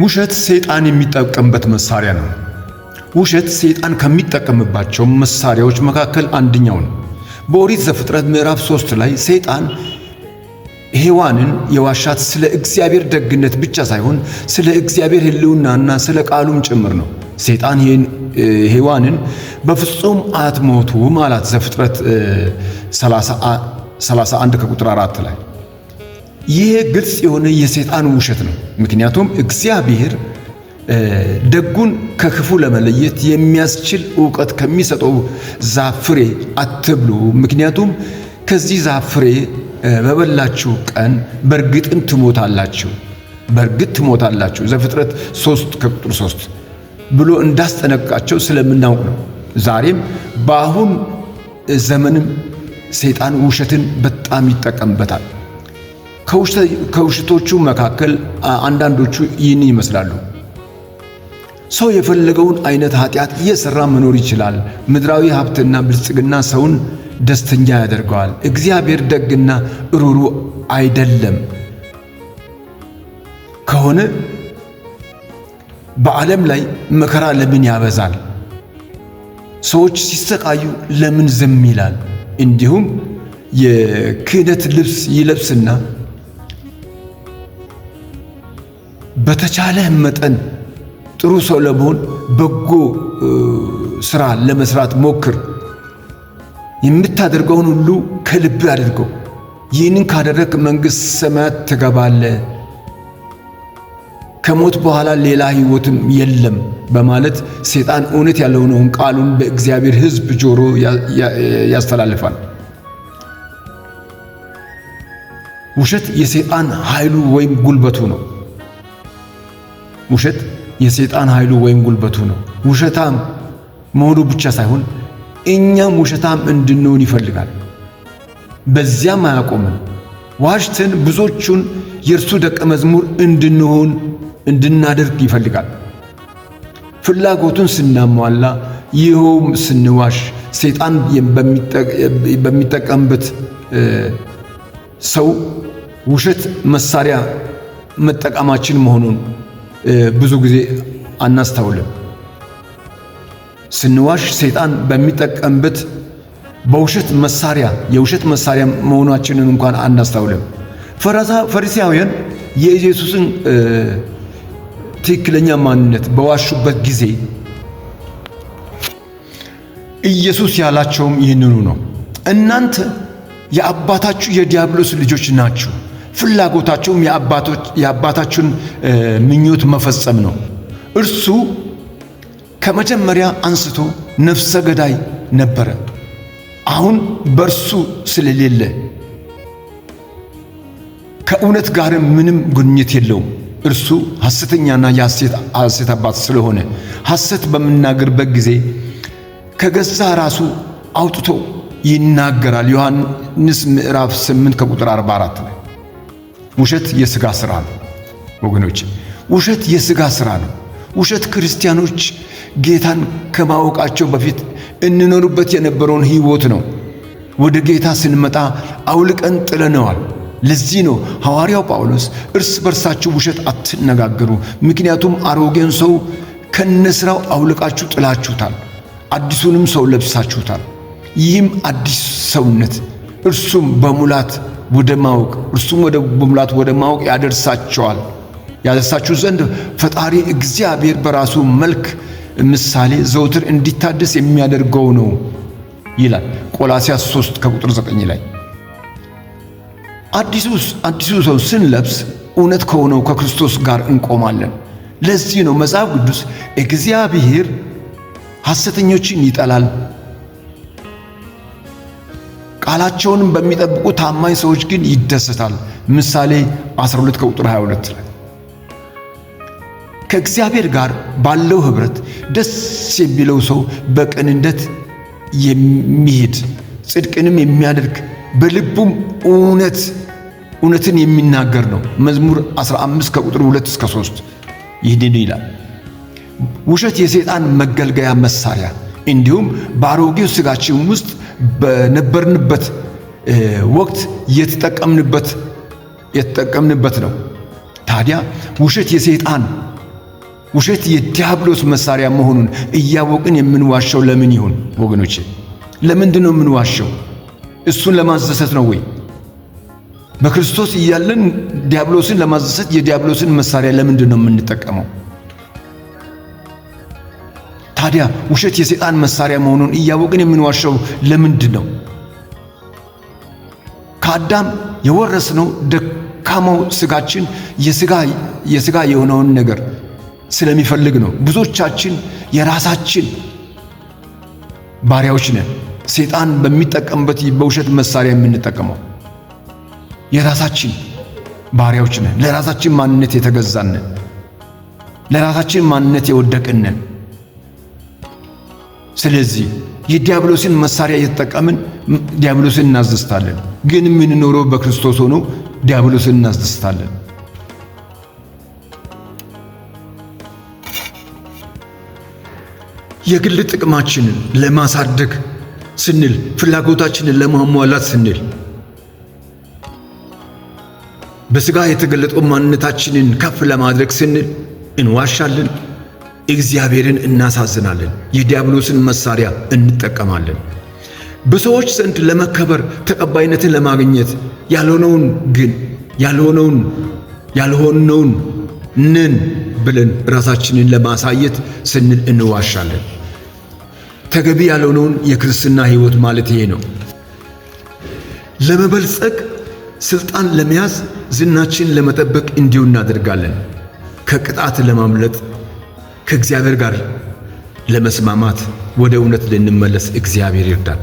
ውሸት ሰይጣን የሚጠቀምበት መሳሪያ ነው። ውሸት ሰይጣን ከሚጠቀምባቸው መሳሪያዎች መካከል አንደኛው ነው። በኦሪት ዘፍጥረት ምዕራፍ ሶስት ላይ ሰይጣን ሔዋንን የዋሻት ስለ እግዚአብሔር ደግነት ብቻ ሳይሆን ስለ እግዚአብሔር ሕልውናና ስለ ቃሉም ጭምር ነው። ሰይጣን ይህን ሔዋንን በፍጹም አትሞቱም አላት። ዘፍጥረት 31 ከቁጥር 4 ላይ ይህ ግልጽ የሆነ የሰይጣን ውሸት ነው። ምክንያቱም እግዚአብሔር ደጉን ከክፉ ለመለየት የሚያስችል እውቀት ከሚሰጠው ዛፍ ፍሬ አትብሉ፣ ምክንያቱም ከዚህ ዛፍ ፍሬ በበላችሁ ቀን በእርግጥም ትሞታላችሁ፣ በእርግጥ ትሞታላችሁ ዘፍጥረት 3 ከቁጥር 3 ብሎ እንዳስጠነቅቃቸው ስለምናውቅ ነው። ዛሬም በአሁን ዘመንም ሰይጣን ውሸትን በጣም ይጠቀምበታል። ከውሽቶቹ መካከል አንዳንዶቹ ይህን ይመስላሉ። ሰው የፈለገውን አይነት ኃጢአት እየሠራ መኖር ይችላል። ምድራዊ ሀብትና ብልጽግና ሰውን ደስተኛ ያደርገዋል። እግዚአብሔር ደግና እሩሩ አይደለም ከሆነ በዓለም ላይ መከራ ለምን ያበዛል? ሰዎች ሲሰቃዩ ለምን ዝም ይላል? እንዲሁም የክህደት ልብስ ይለብስና በተቻለህ መጠን ጥሩ ሰው ለመሆን በጎ ስራ ለመስራት ሞክር። የምታደርገውን ሁሉ ከልብ አድርገው። ይህንን ካደረግ መንግሥት ሰማያት ትገባለ። ከሞት በኋላ ሌላ ሕይወትም የለም በማለት ሰይጣን እውነት ያለውነውን ቃሉን በእግዚአብሔር ሕዝብ ጆሮ ያስተላልፋል። ውሸት የሰይጣን ኃይሉ ወይም ጉልበቱ ነው። ውሸት የሰይጣን ኃይሉ ወይም ጉልበቱ ነው። ውሸታም መሆኑ ብቻ ሳይሆን እኛም ውሸታም እንድንሆን ይፈልጋል። በዚያም አያቆምም። ዋሽተን ብዙዎቹን የእርሱ ደቀ መዝሙር እንድንሆን እንድናደርግ ይፈልጋል። ፍላጎቱን ስናሟላ፣ ይኸውም ስንዋሽ፣ ሰይጣን በሚጠቀምበት ሰው ውሸት መሳሪያ መጠቀማችን መሆኑን ብዙ ጊዜ አናስተውልም። ስንዋሽ ሰይጣን በሚጠቀምበት በውሸት መሳሪያ የውሸት መሳሪያ መሆናችንን እንኳን አናስተውልም። ፈሪሳውያን የኢየሱስን ትክክለኛ ማንነት በዋሹበት ጊዜ ኢየሱስ ያላቸውም ይህንኑ ነው። እናንተ የአባታችሁ የዲያብሎስ ልጆች ናችሁ ፍላጎታቸውም የአባታችሁን ምኞት መፈጸም ነው። እርሱ ከመጀመሪያ አንስቶ ነፍሰ ገዳይ ነበረ። አሁን በእርሱ ስለሌለ ከእውነት ጋር ምንም ግንኙነት የለውም። እርሱ ሐሰተኛና የሐሰት አባት ስለሆነ ሐሰት በምናገርበት ጊዜ ከገዛ ራሱ አውጥቶ ይናገራል። ዮሐንስ ምዕራፍ 8 ከቁጥር 44 ላይ ውሸት የሥጋ ሥራ ነው ወገኖች፣ ውሸት የሥጋ ሥራ ነው። ውሸት ክርስቲያኖች ጌታን ከማወቃቸው በፊት እንኖሩበት የነበረውን ሕይወት ነው። ወደ ጌታ ስንመጣ አውልቀን ጥለነዋል። ለዚህ ነው ሐዋርያው ጳውሎስ እርስ በርሳችሁ ውሸት አትነጋገሩ፣ ምክንያቱም አሮጌን ሰው ከነሥራው አውልቃችሁ ጥላችሁታል፣ አዲሱንም ሰው ለብሳችሁታል። ይህም አዲስ ሰውነት እርሱም በሙላት ወደ ማወቅ እርሱም ወደ መሙላት ወደ ማወቅ ያደርሳቸዋል። ያደርሳችሁ ዘንድ ፈጣሪ እግዚአብሔር በራሱ መልክ ምሳሌ ዘውትር እንዲታደስ የሚያደርገው ነው ይላል ቆላሲያስ 3 ከቁጥር 9 ላይ። አዲሱ ሰው ስንለብስ እውነት ከሆነው ከክርስቶስ ጋር እንቆማለን። ለዚህ ነው መጽሐፍ ቅዱስ እግዚአብሔር ሐሰተኞችን ይጠላል ቃላቸውንም በሚጠብቁ ታማኝ ሰዎች ግን ይደሰታል። ምሳሌ 12 ከቁጥር 22 ላይ ከእግዚአብሔር ጋር ባለው ኅብረት ደስ የሚለው ሰው በቅንነት የሚሄድ ጽድቅንም የሚያደርግ በልቡም እውነት እውነትን የሚናገር ነው። መዝሙር 15 ከቁጥር 2 እስከ 3 ይህንን ይላል። ውሸት የሰይጣን መገልገያ መሳሪያ እንዲሁም በአሮጌው ሥጋችን ውስጥ በነበርንበት ወቅት የተጠቀምንበት የተጠቀምንበት ነው። ታዲያ ውሸት የሰይጣን ውሸት የዲያብሎስ መሳሪያ መሆኑን እያወቅን የምንዋሸው ለምን ይሆን ወገኖቼ? ለምንድን ነው የምንዋሸው? እሱን ለማዘሰት ነው ወይ? በክርስቶስ እያለን ዲያብሎስን ለማዘሰት የዲያብሎስን መሳሪያ ለምንድን ነው የምንጠቀመው? ታዲያ ውሸት የሰይጣን መሳሪያ መሆኑን እያወቅን የምንዋሸው ለምንድን ነው? ከአዳም የወረስነው ደካማው ስጋችን የስጋ የሆነውን ነገር ስለሚፈልግ ነው። ብዙዎቻችን የራሳችን ባሪያዎች ነን። ሰይጣን በሚጠቀምበት በውሸት መሳሪያ የምንጠቀመው የራሳችን ባሪያዎች ነን። ለራሳችን ማንነት የተገዛንን? ለራሳችን ማንነት የወደቅን ስለዚህ የዲያብሎስን መሳሪያ እየተጠቀምን ዲያብሎስን እናስደስታለን። ግን የምንኖረው በክርስቶስ ሆኖ ዲያብሎስን እናስደስታለን። የግል ጥቅማችንን ለማሳደግ ስንል፣ ፍላጎታችንን ለማሟላት ስንል በስጋ የተገለጠው ማንነታችንን ከፍ ለማድረግ ስንል እንዋሻለን። እግዚአብሔርን እናሳዝናለን፣ የዲያብሎስን መሳሪያ እንጠቀማለን። በሰዎች ዘንድ ለመከበር ተቀባይነትን ለማግኘት ያልሆነውን ግን ያልሆነውን ያልሆነውን ንን ብለን ራሳችንን ለማሳየት ስንል እንዋሻለን። ተገቢ ያልሆነውን የክርስትና ሕይወት ማለት ይሄ ነው። ለመበልጸግ፣ ስልጣን ለመያዝ፣ ዝናችን ለመጠበቅ እንዲሁ እናደርጋለን። ከቅጣት ለማምለጥ ከእግዚአብሔር ጋር ለመስማማት ወደ እውነት ልንመለስ እግዚአብሔር ይርዳል።